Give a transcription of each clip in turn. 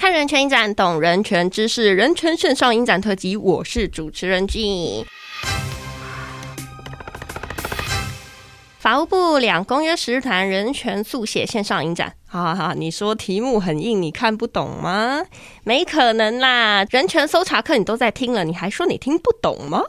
看人權影展，懂人權知識，人權線上影展特輯，我是主持人 G。法務部兩公約十日談人權速寫線上影展，哈哈哈！你說題目很硬，你看不懂嗎？沒可能啦！人權搜查課你都在聽了，你還說你聽不懂嗎？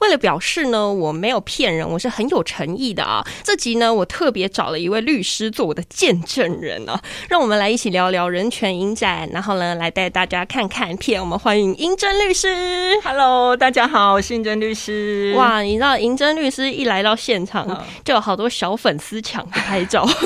為了表示呢，我沒有騙人，我是很有誠意的啊！這集呢，我特別找了一位律師做我的見證人啊，讓我們來一起聊聊人權影展，然後呢，來帶大家看看片。我們歡迎瑩真律師，Hello，大家好，我是瑩真律師。哇，你知道瑩真律師一來到現場，uh. 就有好多小粉絲搶拍照。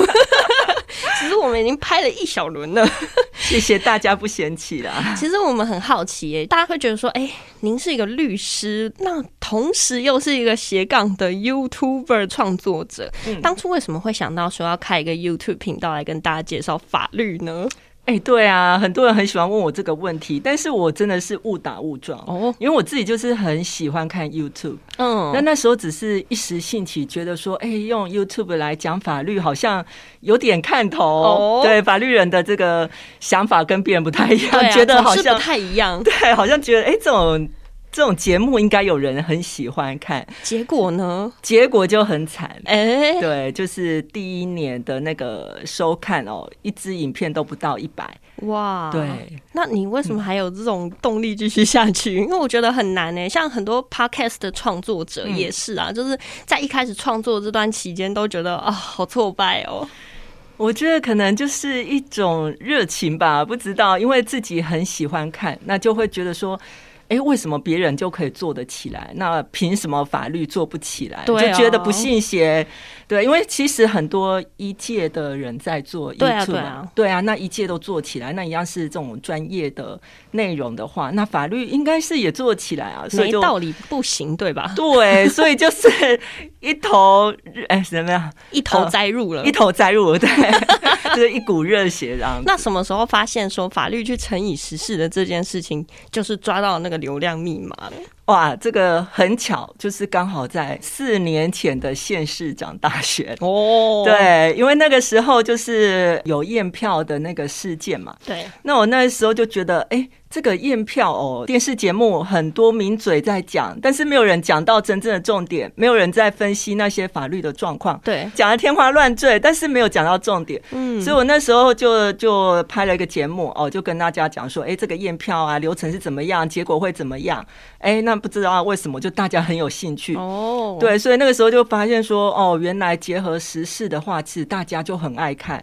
其實我們已經拍了一小輪了， 謝謝大家不嫌棄啦。 其實我們很好奇、欸、大家會覺得說，哎、欸，您是一個律師，那同時又是一個斜槓的 YouTuber 創作者，嗯、當初為什麼會想到說要開一個 YouTube 頻道來跟大家介紹法律呢？哎，欸、對啊，很多人很喜歡問我這個問題，但是我真的是誤打誤撞，oh. 因為我自己就是很喜歡看 YouTube，嗯，那、oh. 那時候只是一時興起，覺得說，哎、欸，用 YouTube 來講法律好像有點看頭，oh. 對，法律人的這個想法跟別人不太一樣，oh. 覺得好像不太一樣，oh. 對，好像覺得哎、欸、這種。這種節目應該有人很喜歡看，結果呢？結果就很慘，哎、欸，對，就是第一年的那個收看哦，一支影片都不到一百，哇，對，那你為什麼還有這種動力繼續下去？嗯、因為我覺得很難呢，像很多 podcast 的創作者也是啊，嗯、就是在一開始創作這段期間都覺得啊、哦，好挫敗哦。我覺得可能就是一種熱情吧，不知道，因為自己很喜歡看，那就會覺得說。哎、欸，為什麼別人就可以做得起來？那憑什麼法律做不起來？對哦。就覺得不信邪。對，因為其實很多一屆的人在做、e，一啊，對啊，對啊，那一屆都做起來，那一樣是這種專業的內容的話，那法律應該是也做起來啊，所以道理不行，對吧？對，所以就是一頭 哎，怎麼樣，呃、一頭栽入了， 一頭栽入了，對，就是一股熱血這樣子。 那什麼時候發現說法律去乘以時事的這件事情，就是抓到那個流量密碼哇，這個很巧，就是剛好在四年前的縣市長大選哦，oh. 對，因為那個時候就是有驗票的那個事件嘛，對，那我那時候就覺得，哎、欸。這個驗票哦，電視節目很多名嘴在講，但是沒有人講到真正的重點，沒有人在分析那些法律的狀況，對，講得天花亂墜，但是沒有講到重點。嗯，所以我那時候就就拍了一個節目哦，就跟大家講說，哎，這個驗票啊流程是怎麼樣，結果會怎麼樣？哎，那不知道啊為什麼，就大家很有興趣哦，對，所以那個時候就發現說，哦，原來結合時事的話，其實，大家就很愛看。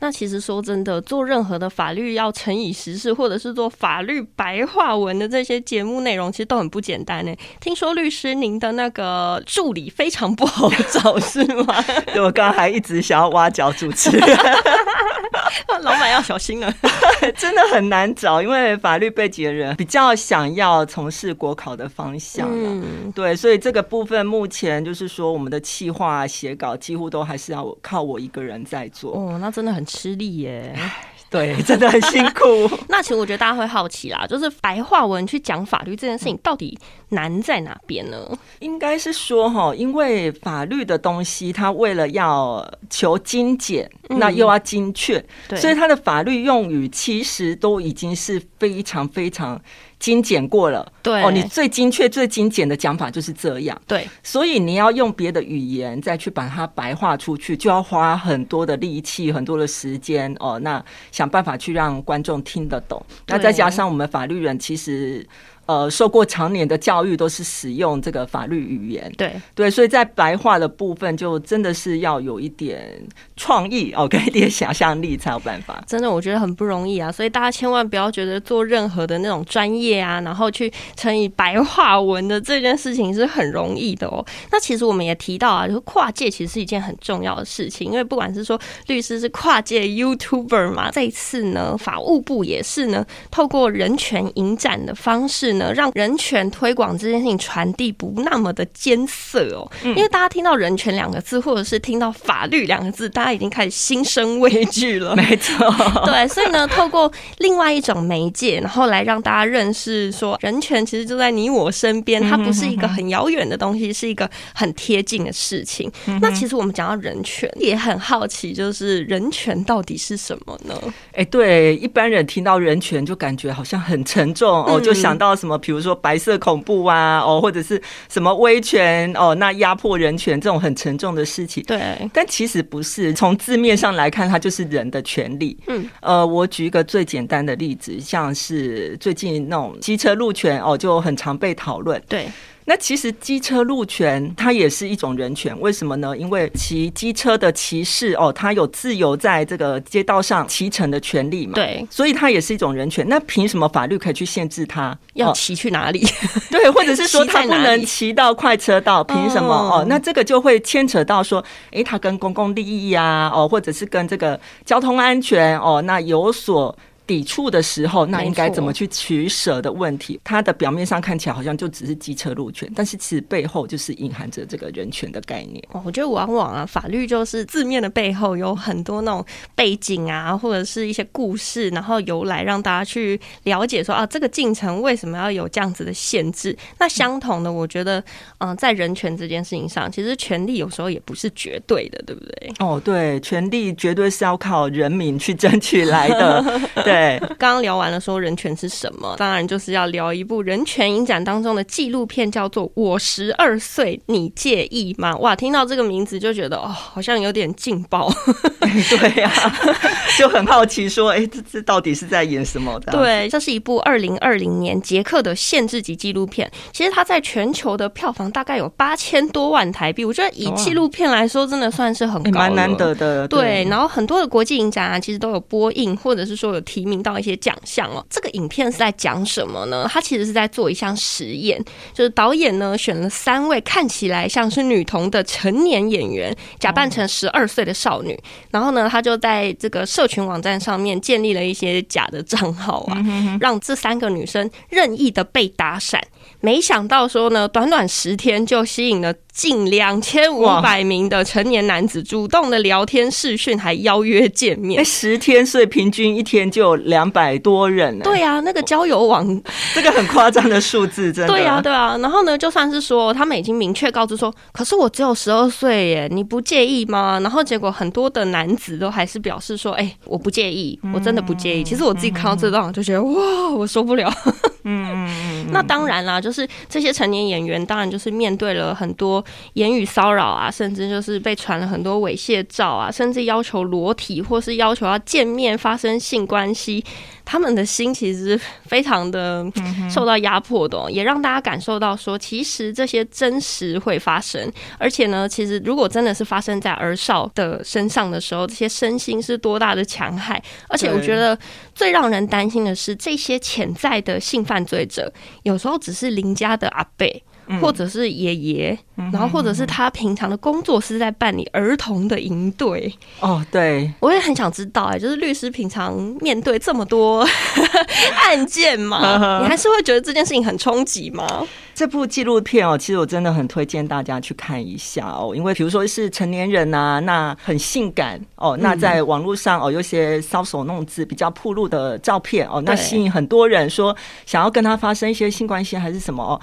那其實說真的，做任何的法律要誠以時事，或者是做法律白話文的這些節目內容，其實都很不簡單呢。聽說律師您的那個助理非常不好找， 是嗎？對，我剛剛還一直想要挖角主持， 老闆要小心了， 真的很難找，因為法律背景的人比較想要從事國考的方向、啊。嗯、對，所以這個部分目前就是說，我們的企劃、寫稿幾乎都還是要靠我一個人在做。哦，那真的很。吃力耶、欸，對，真的很辛苦。 那其實我覺得大家會好奇啦，就是白話文去講法律這件事情到底難在哪邊呢？應該是說哈，因為法律的東西，它為了要求精簡，那又要精確，嗯、所以它的法律用語其實都已經是非常非常。精簡過了，對哦，你最精確、最精簡的講法就是這樣，對，所以你要用別的語言再去把它白話出去，就要花很多的力氣、很多的時間哦。那想辦法去讓觀眾聽得懂，那再加上我們法律人其實。呃，受過長年的教育，都是使用這個法律語言。對對，所以在白話的部分就真的是要有一點創意哦，給一點想象力才有辦法。真的，我覺得很不容易啊，所以大家千萬不要覺得做任何的那種專業啊，然後去乘以白話文的這件事情是很容易的哦。那其實我們也提到啊，就是跨界其實是一件很重要的事情，因為不管是說律師是跨界 YouTuber 嘛，這一次呢，法務部也是呢，透過人權影展的方式呢。能讓人權推廣這件事情傳遞不那麼的艱澀哦，因為大家聽到人權兩個字，或者是聽到法律兩個字，大家已經開始心生畏懼了。沒錯，對，所以呢，透過另外一種媒介，然後來讓大家認識說，人權其實就在你我身邊，它不是一個很遙遠的東西，是一個很貼近的事情。那其實我們講到人權，也很好奇，就是人權到底是什麼呢？哎，對，一般人聽到人權就感覺好像很沉重哦，就想到什什麼？比如說白色恐怖啊，哦，或者是什麼威權哦，那壓迫人權這種很沉重的事情。對，但其實不是，從字面上來看，它就是人的權利。嗯，呃，我舉一個最簡單的例子，像是最近那種機車路權哦，就很常被討論。對。那其實機車路權它也是一種人權，為什麼呢？因為騎機車的騎士哦，他有自由在這個街道上騎乘的權利嘛。對，所以他也是一種人權。那憑什麼法律可以去限制他要騎去哪裡，哦？對，或者是說他不能騎到快車道？憑 什麼？哦，那這個就會牽扯到說，哎、欸，他跟公共利益啊，哦，或者是跟這個交通安全哦，那有所。抵觸的時候，那應該怎麼去取舍的問題，錯它的表面上看起來好像就只是機車路權，但是其實背後就是隱含着這個人權的概念。哦，我覺得往往啊，法律就是字面的背後有很多那種背景啊，或者是一些故事，然後由來讓大家去了解說啊，這個進程為什麼要有這樣子的限制？那相同的，我覺得，嗯、呃，在人權這件事情上，其實權利有時候也不是絕對的，對不對？哦，對，權利絕對是要靠人民去爭取來的。對。 剛聊完了說人權是什麼，當然就是要聊一部人權影展當中的紀錄片，叫做《我十二歲，你介意嗎？》哇，聽到這個名字就覺得哦，好像有點勁爆。 哎、對呀、啊，就很好奇說，哎，這這到底是在演什麼的？對，這是一部二零二零年捷克的限制級紀錄片。其實它在全球的票房大概有八千多萬台幣，我覺得以紀錄片來說，真的算是很高、哎，蠻難得的。對，對，然後很多的國際影展啊，其實都有播映或者是說有提。贏到一些獎項哦。這個影片是在講什麼呢？他其實是在做一項實驗，就是導演呢選了三位看起來像是女童的成年演員，假扮成十二歲的少女，然後呢，他就在這個社群網站上面建立了一些假的賬號啊，讓這三個女生任意的被搭訕。沒想到說呢，短短十天就吸引了近兩千五百名的成年男子主動的聊天視訊，還邀約見面。哇 十天，所以平均一天就有。兩百多人、欸，對呀、啊，那個交友網， 這個很誇張的數字，真的 對呀、啊，對啊。然後呢，就算是說他們已經明確告知說，可是我只有十二歲耶，你不介意嗎？然後結果很多的男子都還是表示說，哎、欸，我不介意，我真的不介意。嗯、其實我自己看到這段我就覺得，哇，我受不了。 嗯，那當然啦，就是這些成年演員，當然就是面對了很多言語騷擾啊，甚至就是被傳了很多猥褻照啊，甚至要求裸體或是要求要見面發生性關係。他們的心其實非常的受到壓迫的喔，也讓大家感受到說，其實這些真實會發生。而且呢，其實如果真的是發生在兒少的身上的時候，這些身心是多大的戕害。而且，我覺得最讓人擔心的是，這些潛在的性犯罪者，有時候只是鄰家的阿伯。或者是爺爺，嗯、然後或者是他平常的工作是在辦理兒童的營隊哦。對，我也很想知道哎，就是律師平常面對這麼多 案件嘛，呵呵你還是會覺得這件事情很衝擊嗎？這部紀錄片哦，其實我真的很推薦大家去看一下哦，因為比如說是成年人吶、啊，那很性感哦，那在網絡上哦有些搔首弄姿、比較暴露的照片哦，那吸引很多人說想要跟他發生一些性關係還是什麼哦。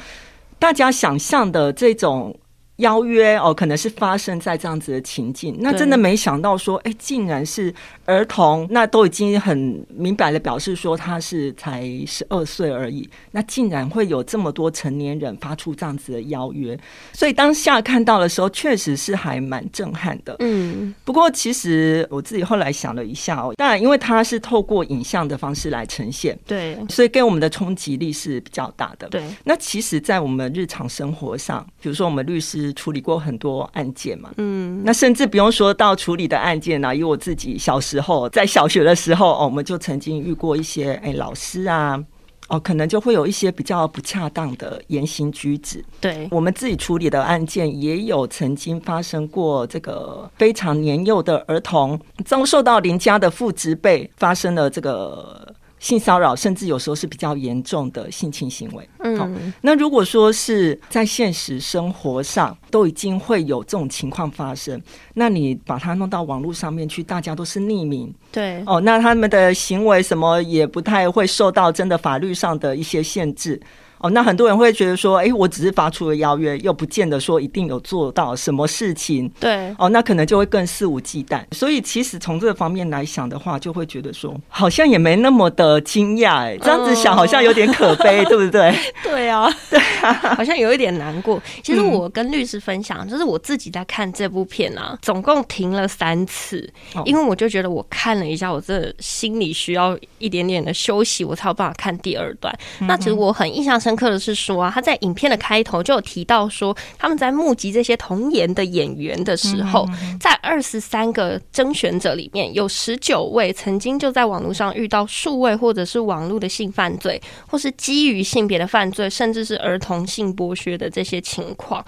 大家想象的這種。邀約哦，可能是發生在這樣子的情境，那真的沒想到說，哎對、欸，竟然是兒童，那都已經很明白的表示說他是才十二歲而已，那竟然會有這麼多成年人發出這樣子的邀約，所以當下看到的時候，確實是還蠻震撼的。嗯，不過其實我自己後來想了一下哦，當然因為他是透過影像的方式來呈現，對，所以給我們的衝擊力是比較大的。對，那其實，在我們日常生活上，比如說我們律師。處理過很多案件嘛，嗯，那甚至不用說到處理的案件呢、啊，以我自己小時候在小學的時候哦，我們就曾經遇過一些誒、哎，老師啊，哦，可能就會有一些比較不恰當的言行舉止。對，我們自己處理的案件也有曾經發生過這個非常年幼的兒童遭受到鄰家的父執輩發生了這個。性騷擾甚至有時候是比較嚴重的性侵行為。嗯、哦，那如果說是在現實生活上都已經會有這種情況發生，那你把它弄到網絡上面去，大家都是匿名，對，哦，那他們的行為什麼也不太會受到真的法律上的一些限制。哦，那很多人會覺得說，哎、欸，我只是發出了邀約，又不見得說一定有做到什麼事情。對，哦，那可能就會更肆無忌憚。所以其實從這方面來想的話，就會覺得說，好像也沒那麼的驚訝。哎，這樣子想好像有點可悲，哦、對不對？ 對啊，對啊，好像有一點難過。其實我跟律師分享，嗯、就是我自己在看這部片啊，總共停了三次，哦、因為我就覺得我看了一下，我這心裡需要一點點的休息，我才有辦法看第二段。嗯嗯、那其實我很印象深刻，深刻的是說啊，他在影片的開頭就有提到說，他們在募集這些童顏的演員的時候，在二十三個徵選者裡面有十九位曾經就在網絡上遇到數位或者是網絡的性犯罪，或是基於性別的犯罪，甚至是兒童性剝削的這些情況。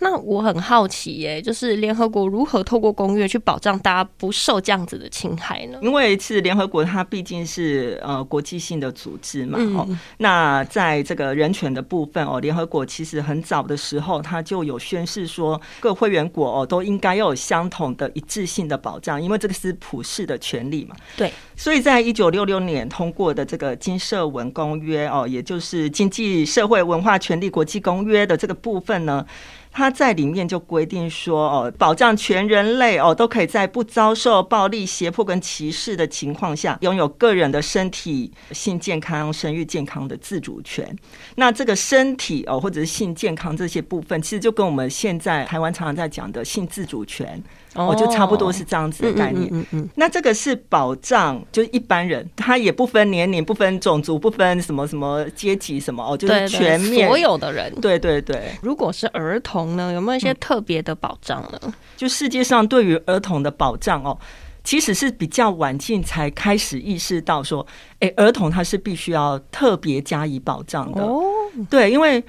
那我很好奇耶、欸，就是聯合國如何透過公約去保障大家不受這樣子的侵害呢？因為是聯合國，它畢竟是呃國際性的組織嘛。哦，那在這個。人權的部分哦，聯合國其實很早的時候，它就有宣示說，各會員國哦都應該要有相同的一致性的保障，因為這個是普世的權利嘛。對，所以在一九六六年通過的這個《經社文公約》哦，也就是《經濟社會文化權利國際公約》的這個部分呢。他在裡面就規定說，哦，保障全人類哦，都可以在不遭受暴力、脅迫跟歧視的情況下，擁有個人的身體、性健康、生育健康的自主權。那這個身體哦，或者是性健康這些部分，其實就跟我們現在台灣常常在講的性自主權，oh, 哦，就差不多是這樣子的概念。嗯，嗯嗯嗯。那這個是保障，就是一般人，他也不分年齡、不分種族、不分什麼什麼階級什麼哦，就是全面，對對對，所有的人。對對對。如果是兒童。有沒有一些特別的保障呢？就世界上對於兒童的保障哦，其實是比較晚近才開始意識到說，哎、欸，兒童他是必須要特別加以保障的。哦，對，因為。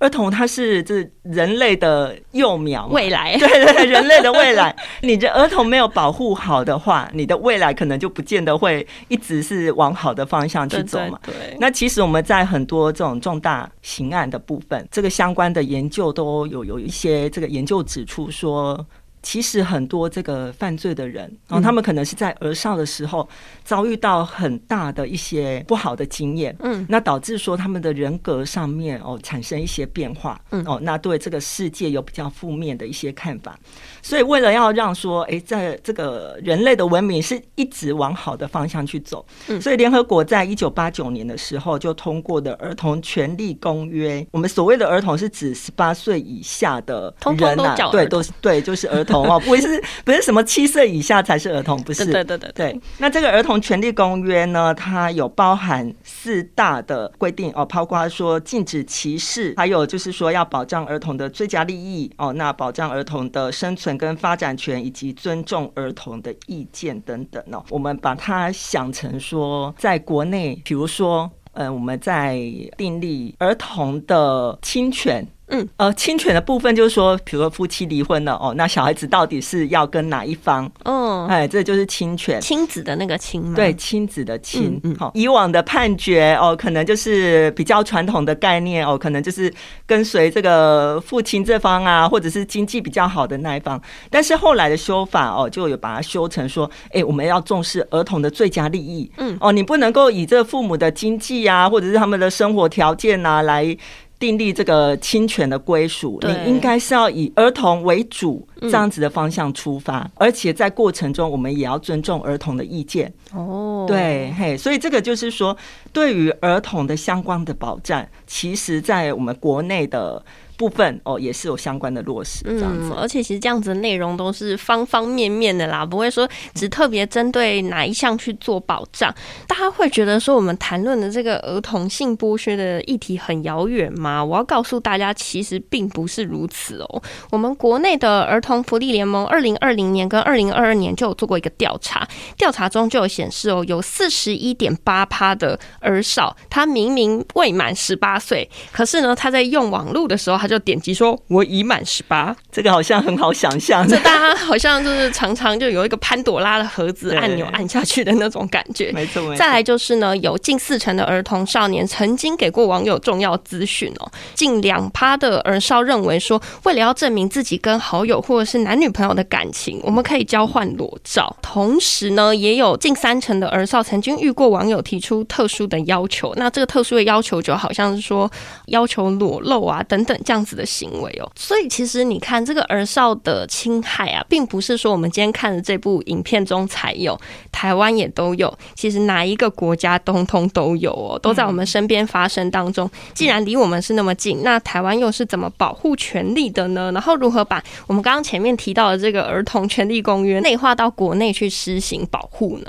兒童他是這人類的幼苗，未來，對對，對，人類的未來。 你的兒童沒有保護好的話，你的未來可能就不見得會一直是往好的方向去走嘛。對，對，那其實我們在很多這種重大刑案的部分，這個相關的研究都有有一些這個研究指出說。其實很多這個犯罪的人，哦、嗯，他們可能是在兒少的時候遭遇到很大的一些不好的經驗，嗯，那導致說他們的人格上面哦產生一些變化，嗯，哦，那對這個世界有比較負面的一些看法。所以，為了要讓說，哎、欸，在這個人類的文明是一直往好的方向去走，嗯、所以聯合國在一九八九年的時候就通過的《兒童權利公約》。我們所謂的兒童是指十八歲以下的人啊，通通對，都是對，就是兒童哦， 不是不是什麼七歲以下才是兒童，不是。對對對對，對，對。那這個《兒童權利公約》呢，它有包含四大的規定哦，包括說禁止歧視，還有就是說要保障兒童的最佳利益哦，那保障兒童的生存。跟發展權以及尊重兒童的意見等等呢、喔，我們把它想成說，在國內，比如說，嗯，我們在訂立兒童的侵權。嗯，呃，親權的部分就是說，比如說夫妻離婚了，哦，那小孩子到底是要跟哪一方？哦，哎，這就是親權親子的那個親，對，親子的親。好、嗯嗯，以往的判決，哦，可能就是比較傳統的概念，哦，可能就是跟隨這個父親這方啊，或者是經濟比較好的那一方。但是後來的修法，哦，就有把它修成說，哎，我們要重視兒童的最佳利益。嗯，哦，你不能夠以這父母的經濟啊，或者是他們的生活條件啊來。訂立這個侵權的歸屬，你應該是要以兒童為主這樣子的方向出發，而且在過程中我們也要尊重兒童的意見。哦，對，嘿，所以這個就是說，對於兒童的相關的保障，其實，在我們國內的。部分哦，也是有相關的落實這樣子，嗯，而且其實這樣子的內容都是方方面面的啦，不會說只特別針對哪一項去做保障。嗯，大家會覺得說，我們談論的這個兒童性剝削的議題很遙遠嗎？我要告訴大家，其實並不是如此哦、喔。我們國內的兒童福利聯盟二零二零年跟二零二二年就有做過一個調查，調查中就有顯示哦、喔，有四十一點八趴的兒少，他明明未滿十八歲，可是呢，他在用網絡的時候還。就點擊說“我已滿十八”，這個好像很好想象。就大家好像就是常常就有一個潘朵拉的盒子按鈕按下去的那種感覺。沒錯。再來就是呢，有近四成的兒童少年曾經給過網友重要資訊哦。近兩趴的兒少認為說，為了要證明自己跟好友或者是男女朋友的感情，我們可以交換裸照。同時呢，也有近三成的兒少曾經遇過網友提出特殊的要求。那這個特殊的要求就好像是說要求裸露啊等等這樣。這樣子的行為哦、喔，所以其實你看這個兒少的侵害啊，並不是說我們今天看的這部影片中才有，台灣也都有，其實哪一個國家通通都有哦、喔，都在我們身邊發生當中。嗯、既然離我們是那麼近，嗯、那台灣又是怎麼保護權利的呢？然後如何把我們剛剛前面提到的這個兒童權利公約內化到國內去施行保護呢？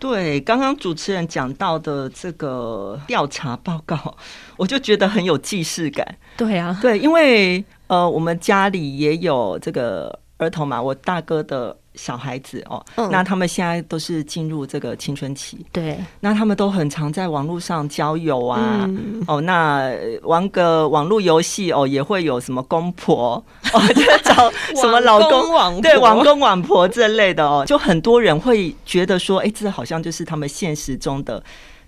對，剛剛主持人講到的這個調查報告，我就覺得很有既視感。對啊，對，因為呃，我們家裡也有這個兒童嘛，我大哥的。小孩子哦，嗯、那他們現在都是進入這個青春期，對，那他們都很常在網絡上交友啊，嗯、哦，那玩個網絡遊戲哦，也會有什麼公婆、嗯、哦，就找什麼老公網對，網公網婆這類的哦，就很多人會覺得說，哎、欸，這好像就是他們現實中的。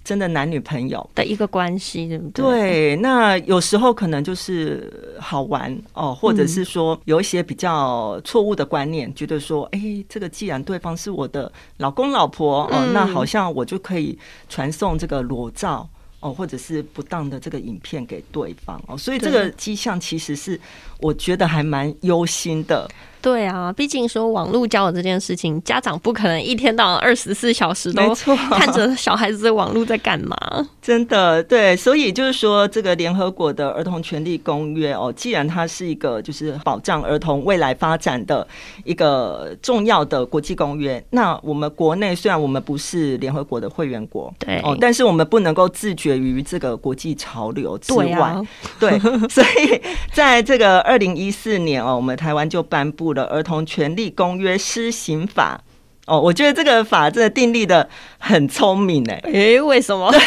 真的男女朋友的一個關係，對不對？對，那有時候可能就是好玩哦，或者是說有一些比較錯誤的觀念，嗯、覺得說，哎、欸，這個既然對方是我的老公老婆，哦，嗯、那好像我就可以傳送這個裸照哦，或者是不當的這個影片給對方哦，所以這個跡象其實是我覺得還蠻憂心的。對啊，畢竟說網絡教育這件事情，家長不可能一天到晚二十四小時都看着小孩子的網絡在幹嘛。真的對，所以就是說，這個聯合國的兒童權利公約哦，既然它是一個就是保障兒童未來發展的一個重要的國際公約，那我們國內雖然我們不是聯合國的會員國，對哦，但是我們不能夠自絕於這個國際潮流之外。對啊。對， 所以在這個二零一四年哦，我們台灣就頒布。的兒童權利公約施行法哦，我覺得這個法真的訂立的很聰明哎，誒、欸，為什麼？對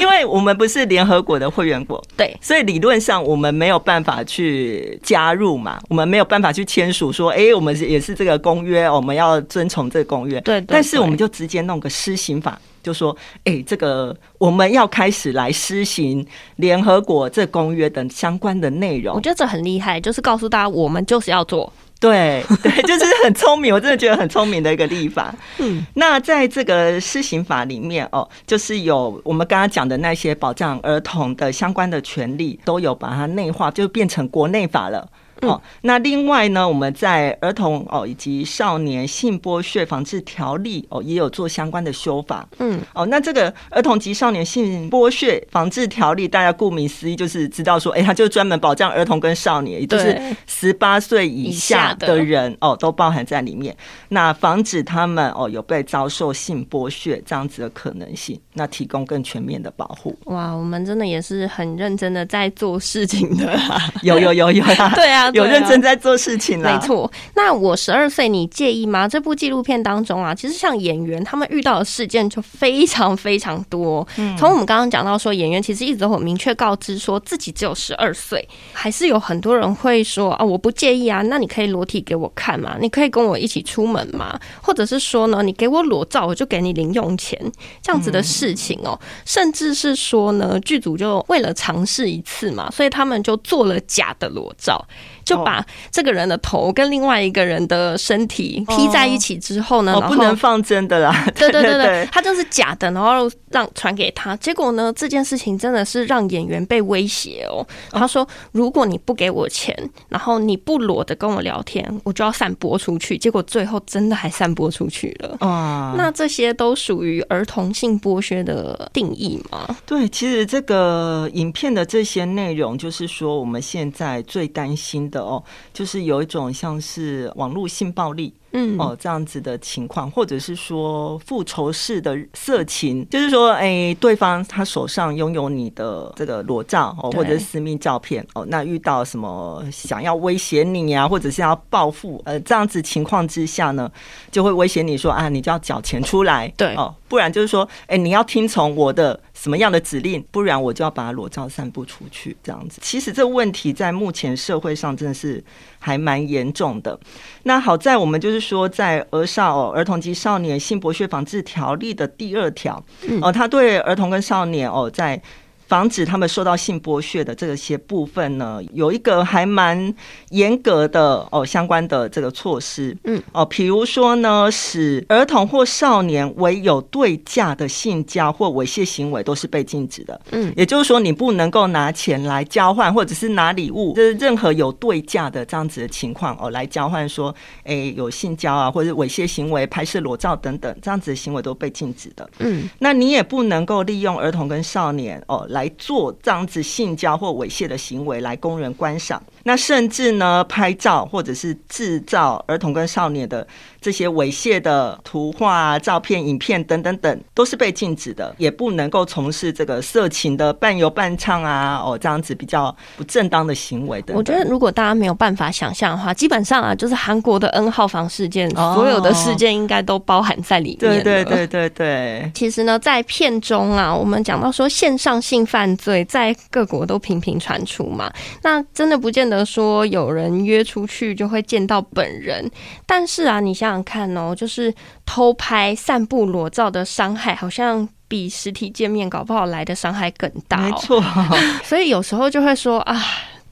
因為我們不是聯合國的會員國，對，所以理論上我們沒有辦法去加入嘛，我們沒有辦法去簽署說，哎、欸，我們也是這個公約，我們要遵從這個公約，對，對，對，但是我們就直接弄個施行法。就說：“哎、欸，這個我們要開始來施行聯合國這個公約等相關的內容。”我覺得這很厲害，就是告訴大家我們就是要做，對對，就是很聰明。 我真的覺得很聰明的一個立法。嗯， 那在這個施行法裡面哦，就是有我們剛剛講的那些保障兒童的相關的權利，都有把它內化，就變成國內法了。哦，那另外呢，我們在兒童哦以及少年性剝削防治條例哦，也有做相關的修法。嗯，哦，那這個兒童及少年性剝削防治條例，大家顧名思義就是知道說，哎、欸，他就專門保障兒童跟少年，也就是十八歲以下的人哦，都包含在裡面。那防止他們哦有被遭受性剝削這樣子的可能性，那提供更全面的保護。哇，我們真的也是很認真的在做事情的。 有有有有、啊， 對啊。有認真在做事情啊，沒錯。那我十二歲，你介意嗎？這部紀錄片當中啊，其實像演員他們遇到的事件就非常非常多、哦。從、嗯、我們剛剛講到說，演員其實一直都很明確告知說自己只有十二歲，還是有很多人會說啊，我不介意啊，那你可以裸體給我看嗎？你可以跟我一起出門嗎？或者是說呢，你給我裸照，我就給你零用錢這樣子的事情哦。嗯、甚至是說呢，劇組就為了嘗試一次嘛，所以他們就做了假的裸照。就把這個人的頭跟另外一個人的身體 P 在一起之後呢，我不能放真的啦。對對對對，他就是假的，然後讓傳給他。結果呢，這件事情真的是讓演員被威脅哦。他說如果你不給我錢，然後你不裸的跟我聊天，我就要散播出去。結果最後真的還散播出去了。啊，那這些都屬於兒童性剝削的定義嗎？哦、對，其實這個影片的這些內容，就是說我們現在最擔心的。哦，就是有一種像是網絡性暴力。嗯哦，這樣子的情況，或者是說復仇式的色情，就是說，哎、欸，對方他手上擁有你的這個裸照哦，或者是私密照片對哦，那遇到什麼想要威脅你呀、啊，或者是要報復，呃，這樣子情況之下呢，就會威脅你說啊，你就要繳錢出來，對哦，不然就是說，哎、欸，你要聽從我的什麼樣的指令，不然我就要把裸照散布出去。這樣子，其實這個問題在目前社會上真的是還蠻嚴重的。那好在我們就是。說在《兒少兒童及少年性剝削防治條例》的第二條，哦，他對兒童跟少年哦，在防止他們受到性剝削的這些部分呢，有一個還蠻嚴格的哦，相關的這個措施，嗯哦，比如說呢，使兒童或少年為有對價的性交或猥褻行為，都是被禁止的，嗯，也就是說你不能夠拿錢來交換，或者是拿禮物，就是任何有對價的這樣子的情況哦，來交換說，說誒有性交啊或者猥褻行為、拍攝裸照等等這樣子的行為，都被禁止的，嗯，那你也不能夠利用兒童跟少年哦來。來做這樣子性交或猥褻的行為，來供人觀賞。那甚至呢，拍照或者是製造兒童跟少年的這些猥褻的圖畫、啊、照片、影片等等等，都是被禁止的，也不能夠從事這個色情的伴遊伴唱啊，哦這樣子比較不正當的行為的。我覺得，如果大家沒有辦法想象的話，基本上啊，就是韓國的 N 號房事件，所有的事件應該都包含在裡面。對對對對對。其實呢，在片中啊，我們講到說，線上性犯罪在各國都頻頻傳出嘛，那真的不見得。說有人約出去就會見到本人，但是啊，你想想看哦，就是偷拍、散布、裸照的傷害，好像比實體見面搞不好來的傷害更大哦。沒錯，所以有時候就會說啊。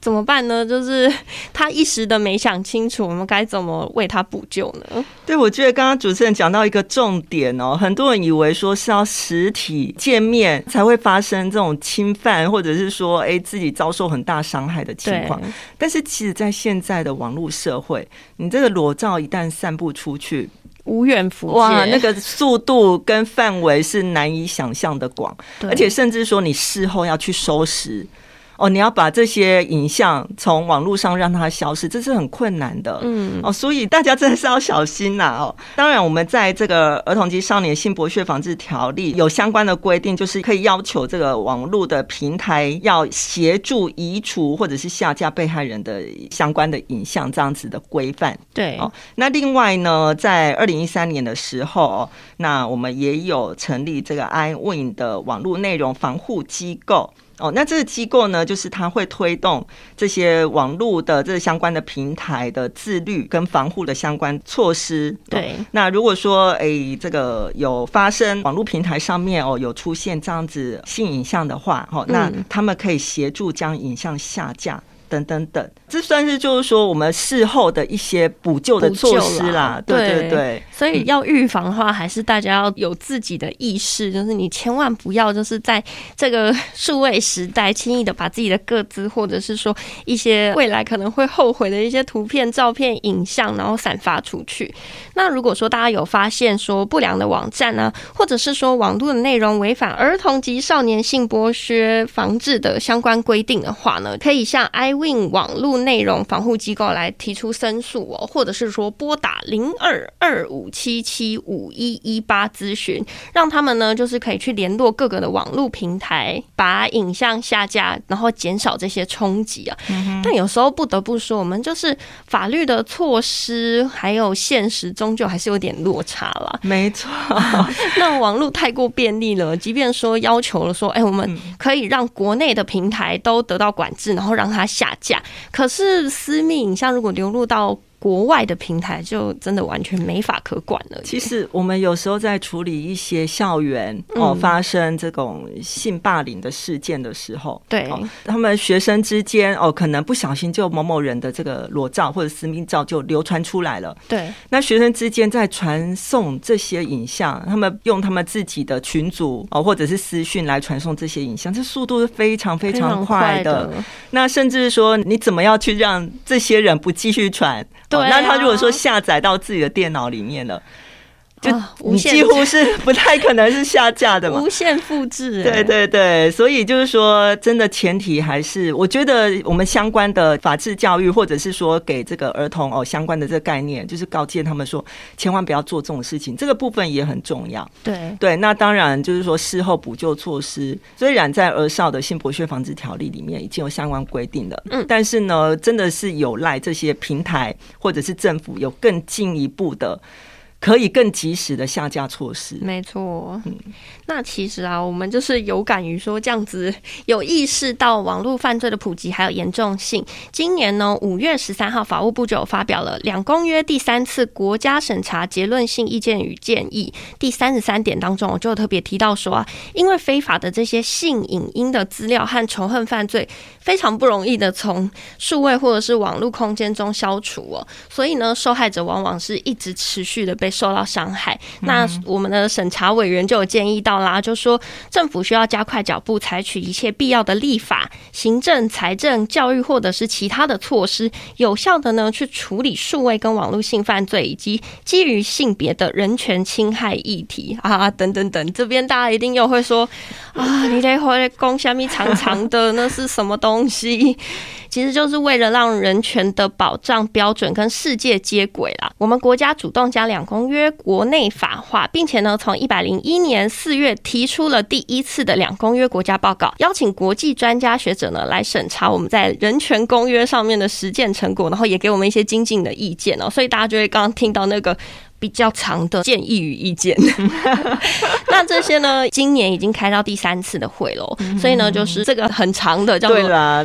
怎麼辦呢？就是他一時的沒想清楚，我們該怎麼為他補救呢？對，我記得剛剛主持人講到一個重點哦，很多人以為說是要實體見面才會發生這種侵犯，或者是說哎自己遭受很大傷害的情況。對但是其實，在現在的網絡社會，你這個裸照一旦散布出去，無遠弗屆，哇，那個速度跟範圍是難以想象的廣，對而且甚至說你事後要去收拾。哦，你要把這些影像從網絡上讓它消失，這是很困難的。嗯，哦，所以大家真的是要小心吶、啊！哦，當然，我們在這個《兒童及少年性剝削防治條例》有相關的規定，就是可以要求這個網絡的平台要協助移除或者是下架被害人的相關的影像，這樣子的規範。對哦，那另外呢，在二零一三年的時候，那我們也有成立這個 iwin 的網絡內容防護機構。哦，那這個機構呢，就是它會推動這些網絡的這相關的平台的自律跟防護的相關措施。對，對那如果說誒、欸、這個有發生網絡平台上面哦有出現這樣子性影像的話，哈、哦，那他們可以協助將影像下架。嗯等等等，這算是就是說我們事後的一些補救的措施啦，啦對對對，對。所以要預防的話，還是大家要有自己的意識，嗯、就是你千萬不要就是在這個數位時代輕易的把自己的個資或者是說一些未來可能會後悔的一些圖片、照片、影像，然後散發出去。那如果說大家有發現說不良的網站啊，或者是說網絡的內容違反兒童及少年性剝削防治的相關規定的話呢，可以向 I Win 網絡內容防護機構來提出申訴哦，或者是說撥打零二二五七七五一一八諮詢，讓他們呢就是可以去聯絡各個的網絡平台，把影像下架，然後減少這些衝擊啊。嗯、哼但有時候不得不說，我們就是法律的措施，還有現實終究還是有點落差啦。沒錯錯， 那網絡太過便利了，即便說要求了說，哎、欸，我們可以讓國內的平台都得到管制，然後讓它下。打架，可是私密影像如果流入到……國外的平台就真的完全沒法可管了。其實我們有時候在處理一些校園、嗯、哦，發生這種性霸凌的事件的時候，對、哦，他們學生之間哦，可能不小心就某某人的這個裸照或者私密照就流傳出來了。對，那學生之間在傳送這些影像，他們用他們自己的群組哦，或者是私訊來傳送這些影像，這速度是非常非常快的。快的，那甚至說你怎麼要去讓這些人不繼續傳？那他如果說下載到自己的電腦裡面了。就你幾乎是不太可能是下架的嘛，無限複製。對對對，所以就是說，真的前提還是，我覺得我們相關的法治教育，或者是說給這個兒童哦相關的這個概念，就是告誡他們說，千萬不要做這種事情。這個部分也很重要。對對，那當然就是說事後補救措施，雖然在《兒少的性剝削防治條例》裡面已經有相關規定的，嗯，但是呢，真的是有賴這些平台或者是政府有更進一步的。可以更及時的下架措施。沒錯，那其實啊，我們就是有感於說這樣子，有意識到網絡犯罪的普及還有嚴重性。今年呢，五月十三號，法務部就發表了《兩公約》第三次國家審查結論性意見與建議第三十三點當中，我就特別提到說啊，因為非法的這些性影音的資料和仇恨犯罪，非常不容易的從數位或者是網絡空間中消除哦、啊，所以呢，受害者往往是一直持續的被受到傷害，那我們的審查委員就有建議到啦，嗯、哼就說政府需要加快腳步，採取一切必要的立法、行政、財政、教育或者是其他的措施，有效的呢去處理數位跟網絡性犯罪以及基於性別的人權侵害議題啊，等等等。這邊大家一定又會說啊，你得回來公蝦米長長的 那是什麼東西？其實就是為了讓人權的保障標準跟世界接軌啦，我們國家主動將兩公約國內法化，並且呢，從一百零一年四月提出了第一次的兩公約國家報告，邀請國際專家學者呢來審查我們在人權公約上面的實踐成果，然後也給我們一些精進的意見哦。所以大家就會剛剛聽到那個。比較長的建議與意見， 那這些呢？今年已經開到第三次的會了，所以呢，就是這個很長的叫做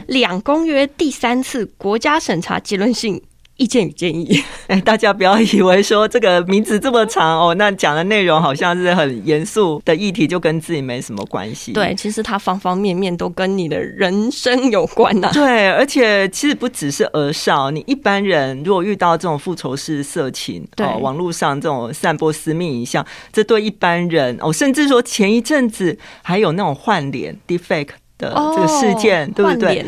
兩公約第三次國家審查結論性。見見意見與建議，哎，大家不要以為說這個名字這麼長哦，那講的內容好像是很嚴肅的議題，就跟自己沒什麼關係。 對，其實它方方面面都跟你的人生有關的、啊。對，而且其實不只是兒少，你一般人如果遇到這種復仇式色情，對，哦、網絡上這種散播私密影像，這對一般人哦，甚至說前一陣子還有那種換臉 Deepfake 的這個事件，對不對？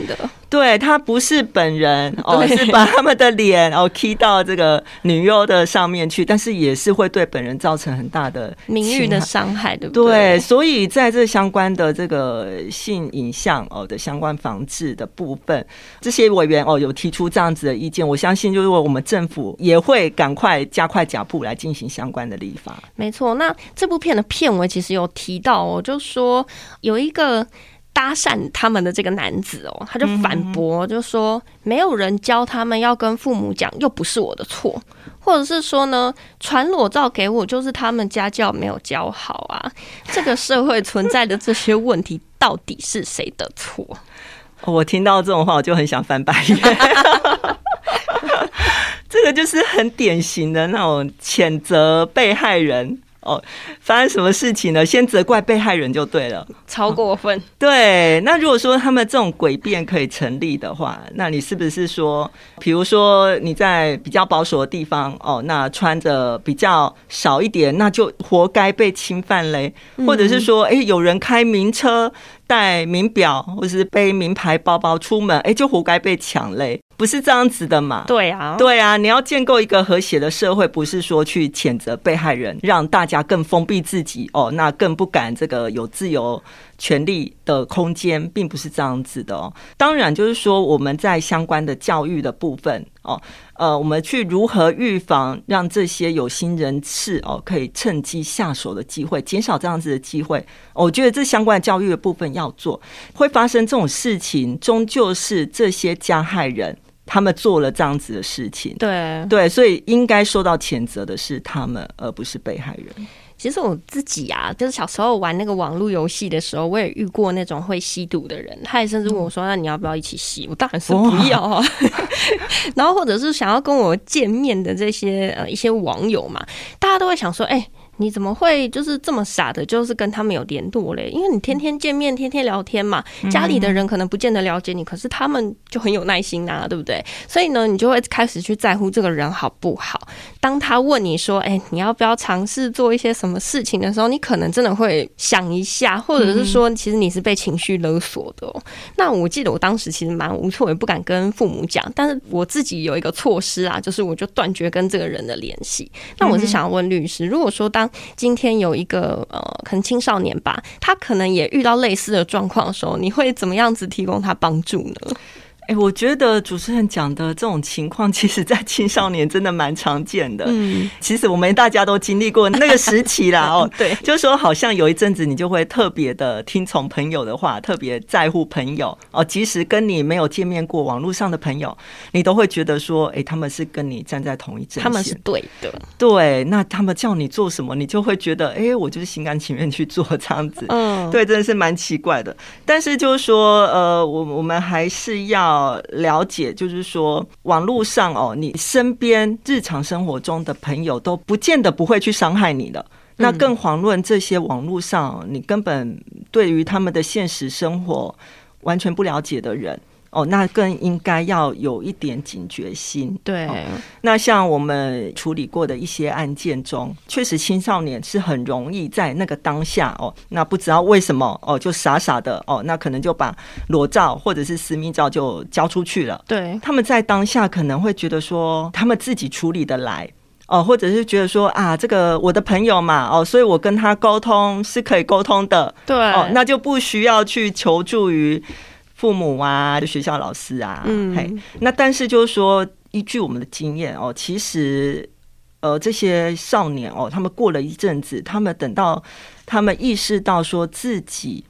對他不是本人哦，是把他們的臉哦貼到這個女優的上面去，但是也是會對本人造成很大的名譽的傷害，對不對？對，所以在這相關的這個性影像哦的相關防治的部分，這些委員哦有提出這樣子的意見，我相信就是我們政府也會趕快加快腳步來進行相關的立法。沒錯，那這部片的片尾其實有提到，哦，就說有一個。搭訕他們的這個男子哦、喔，他就反駁，就說沒有人教他們要跟父母講，又不是我的錯，或者是說呢，傳裸照給我就是他們家教沒有教好啊。這個社會存在的這些問題到底是誰的錯？ 我聽到這種話，我就很想翻白眼。 這個就是很典型的那種譴責被害人。哦，發生什麼事情呢？先責怪被害人就對了，超過分。對，那如果說他們這種詭辯可以成立的話，那你是不是說，比如說你在比較保守的地方，哦，那穿着比較少一點，那就活該被侵犯嘞？嗯、或者是說，哎、欸，有人開名車、戴名錶，或是背名牌包包出門，哎、欸，就活該被搶嘞？不是這樣子的嘛？對啊，對啊，你要建構一個和諧的社會，不是說去譴責被害人，讓大家更封閉自己哦，那更不敢這個有自由權利的空間，並不是這樣子的哦。當然，就是說我們在相關的教育的部分哦，呃，我們去如何預防讓這些有心人士哦，可以趁機下手的機會，減少這樣子的機會。我覺得這相關的教育的部分要做，會發生這種事情，終究是這些加害人。他們做了這樣子的事情，對對，所以應該受到譴責的是他們，而不是被害人。其實我自己啊，就是小時候玩那個網絡遊戲的時候，我也遇過那種會吸毒的人，他也甚至問我說：“嗯、那你要不要一起吸？”我當然是不要。哇 然後或者是想要跟我見面的這些呃一些網友嘛，大家都會想說：“哎、欸。”你怎麼會就是這麼傻的，就是跟他們有聯絡嘞？因為你天天見面，天天聊天嘛。家裡的人可能不見得了解你，嗯、哼可是他們就很有耐心吶、啊，對不對？所以呢，你就會開始去在乎這個人好不好？當他問你說：“哎、欸，你要不要嘗試做一些什麼事情的時候”，你可能真的會想一下，或者是說，其實你是被情緒勒索的、喔。嗯、哼那我記得我當時其實蠻無措，也不敢跟父母講，但是我自己有一個措施啊，就是我就斷絕跟這個人的聯繫。那我是想要問律師，如果說當今天有一個呃，可能青少年吧，他可能也遇到類似的狀況的時候，你會怎麼樣子提供他幫助呢？哎，欸、我覺得主持人講的這種情況，其實，在青少年真的蠻常見的。嗯，其實我們大家都經歷過那個時期啦。哦，對，就是說，好像有一陣子，你就會特別的聽從朋友的話，特別在乎朋友。哦，即使跟你沒有見面過，網絡上的朋友，你都會覺得說，哎，他們是跟你站在同一陣線，他們是對的。對，那他們叫你做什麼，你就會覺得，哎，我就是心甘情願去做這樣子。嗯，對，真的是蠻奇怪的。但是就是說，呃，我我們還是要。呃、哦，了解，就是說，網絡上哦，你身邊日常生活中的朋友都不見得不會去傷害你的，嗯、那更遑論這些網絡上、哦、你根本對於他們的現實生活完全不了解的人。哦，那更應該要有一點警覺心。對，哦，那像我們處理過的一些案件中，確實青少年是很容易在那個當下，哦，那不知道為什麼，哦，就傻傻的，哦，那可能就把裸照或者是私密照就交出去了。對，他們在當下可能會覺得說，他們自己處理得來，哦，或者是覺得說，啊，這個我的朋友嘛，哦，所以我跟他溝通是可以溝通的。對，哦，那就不需要去求助於。父母啊、學校老師啊，嘿、嗯，hey, 那但是就是說，依據我們的經驗哦，其實，呃，這些少年哦，他們過了一陣子，他們等到他們意識到說自己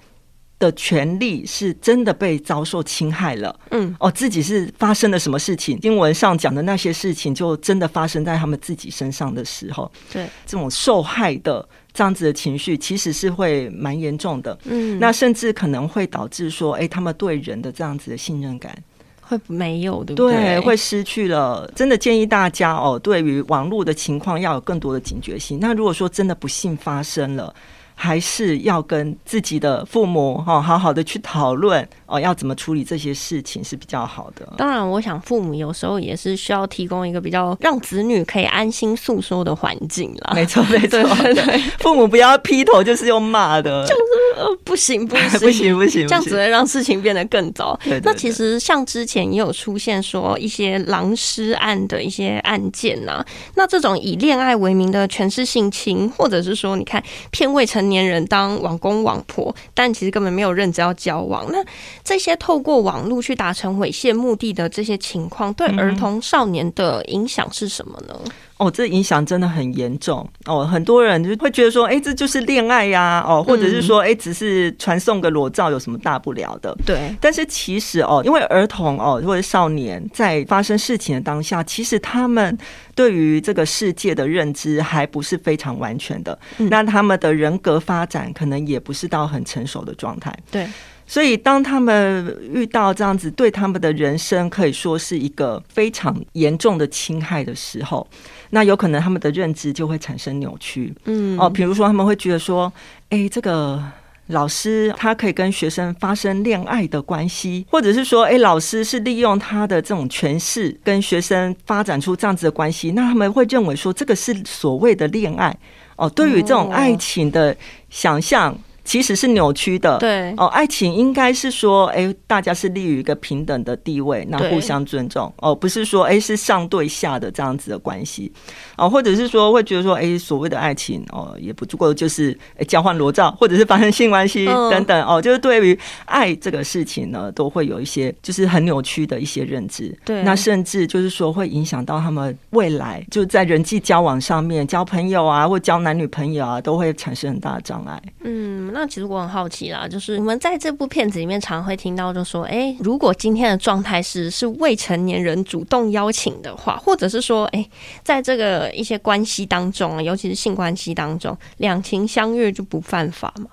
的權利是真的被遭受侵害了，嗯，哦，自己是發生了什麼事情，新聞上講的那些事情，就真的發生在他們自己身上的時候，對，這種受害的。這樣子的情緒其實是會蠻嚴重的，嗯，那甚至可能會導致說，欸，他們對人的這樣子的信任感會沒有，對不對？對，會失去了。真的建議大家哦，對於網絡的情況要有更多的警覺性。那如果說真的不幸發生了。還是要跟自己的父母哈好好的去討論哦，要怎麼處理這些事情是比較好的。當然，我想父母有時候也是需要提供一個比較讓子女可以安心訴說的環境啦。沒錯，沒錯，對,對,對，父母不要劈頭就是用罵的、就是呃，不行，不行，不行，不行，這樣只會讓事情變得更糟。對對對對那其實像之前也有出現說一些狼師案的一些案件吶、啊，那這種以戀愛為名的權勢性侵，或者是說你看騙未成年。年人當網公網婆，但其實根本沒有認知要交往。那這些透過網絡去達成猥褻目的的這些情況，對兒童少年的影響是什麼呢？哦，這影響真的很嚴重哦，很多人就會覺得說，哎，這就是戀愛呀，啊，哦，或者是說，哎，嗯，只是傳送個裸照有什麼大不了的？對。但是其實哦，因為兒童哦或者少年在發生事情的當下，其實他們對於這個世界的認知還不是非常完全的，嗯，那他們的人格發展可能也不是到很成熟的狀態。對。所以，當他們遇到這樣子對他們的人生可以說是一個非常嚴重的侵害的時候，那有可能他們的認知就會產生扭曲。嗯，哦，比如說他們會覺得說，哎、欸，這個老師他可以跟學生發生戀愛的關係，或者是說，哎、欸，老師是利用他的這種權勢跟學生發展出這樣子的關係，那他們會認為說，這個是所謂的戀愛。哦，對於這種愛情的想象。嗯其實是扭曲的，對哦，愛情應該是說，哎、欸，大家是立於一個平等的地位，那互相尊重，對哦，不是說，哎、欸，是上對下的這樣子的關係，哦，或者是說，會覺得說，哎、欸，所謂的愛情，哦，也不足夠，就是、欸、交換裸照，或者是發生性關係、哦、等等，哦，就是對於愛這個事情呢，都會有一些就是很扭曲的一些認知，對，那甚至就是說，會影響到他們未來就在人際交往上面交朋友啊，或交男女朋友啊，都會產生很大的障礙，嗯。那其實我很好奇啦，就是你們在這部片子裡面常常會聽到，就說：“欸，如果今天的狀態是是未成年人主動邀請的話，或者是說，欸，在這個一些關係當中，尤其是性關係當中，兩情相悅就不犯法嗎？”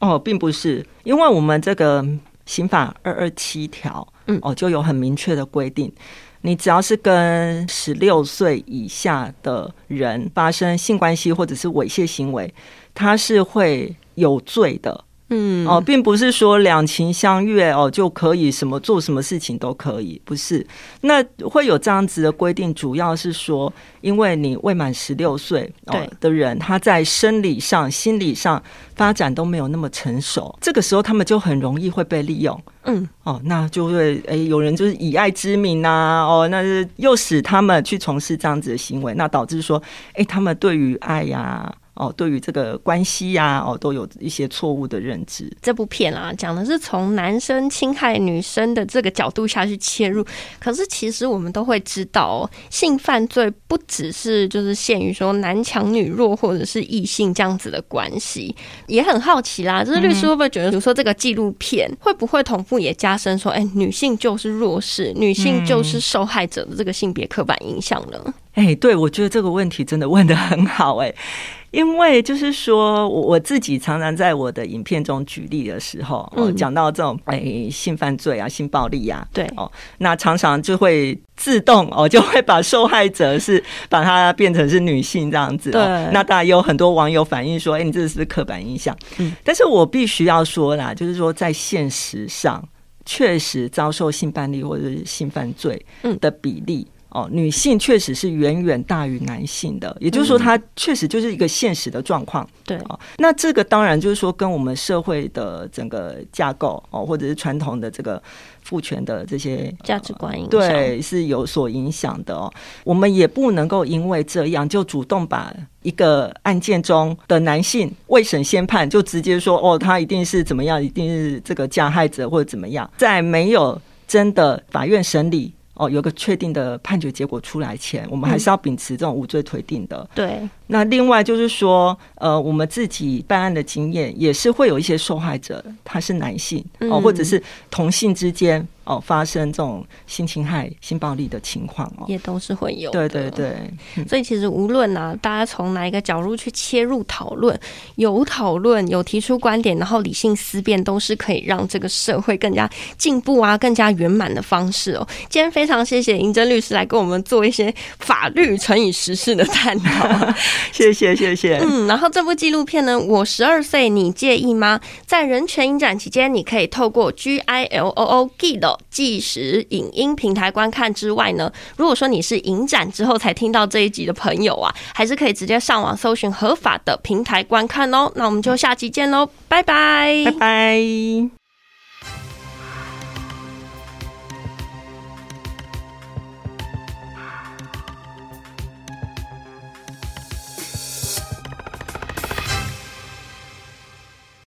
哦，並不是，因為我們這個刑法二二七條，嗯，哦，就有很明確的規定，你只要是跟十六歲以下的人發生性關係或者是猥褻行為，他是會。有罪的，嗯，哦，並不是說兩情相悅哦就可以什麼做什麼事情都可以，不是。那會有這樣子的規定，主要是說，因為你未滿十六歲哦對的人，他在生理上、心理上發展都沒有那麼成熟，這個時候他們就很容易會被利用，嗯，哦，那就會誒、哎，有人就是以愛之名啊，哦，那誘使他們去從事這樣子的行為，那導致說，哎，他們對於愛呀、啊。哦，對於這個關係呀、啊，哦，都有一些錯誤的認知。這部片啊，講的是從男生侵害女生的這個角度下去切入。可是其實我們都會知道哦，性犯罪不只是就是限於說男強女弱或者是異性這樣子的關係，也很好奇啦。就是律師會不會覺得，比如說這個紀錄片會不會同步也加深說，哎，女性就是弱勢，女性就是受害者的這個性別刻板印象呢？哎、欸，對，我覺得這個問題真的問得很好、欸，哎，因為就是說我我自己常常在我的影片中舉例的時候，嗯、哦，講到這種哎、欸、性犯罪啊、性暴力呀、啊，對，哦，那常常就會自動哦就會把受害者是把它變成是女性這樣子，對，哦、那當然有很多網友反映說，哎、欸，你這是不是刻板印象？嗯，但是我必須要說啦，就是說在現實上確實遭受性暴力或者是性犯罪，嗯的比例。嗯哦，女性確實是遠遠大於男性的，也就是說，它確實就是一個現實的狀況、嗯。對、哦、那這個當然就是說，跟我們社會的整個架構哦，或者是傳統的這個父權的這些價、嗯、值觀影、呃、對，是有所影響的哦。我們也不能夠因為這樣就主動把一個案件中的男性未審先判，就直接說哦，他一定是怎麼樣，一定是這個加害者或者怎麼樣，在沒有真的法院審理。哦，有個確定的判決結果出來前，我們還是要秉持這種無罪推定的。嗯、對，那另外就是說，呃，我們自己辦案的經驗也是會有一些受害者，他是男性哦，或者是同性之間。哦，發生這種性侵害、性暴力的情況哦，也都是會有的。對對對，嗯、所以其實無論啊，大家從哪一個角度去切入討論，有討論、有提出觀點，然後理性思辨，都是可以讓這個社會更加進步啊、更加圓滿的方式哦。今天非常謝謝瑩真律師來跟我們做一些法律乘以時事的探討， 謝謝謝謝。嗯，然後這部紀錄片呢，我十二歲，你介意嗎？在人權影展期間，你可以透過 G I L O O G 的。即時影音平台觀看之外呢，如果說你是影展之後才聽到這一集的朋友啊，還是可以直接上網搜尋合法的平台觀看哦。那我們就下期見嘍，拜拜，拜拜。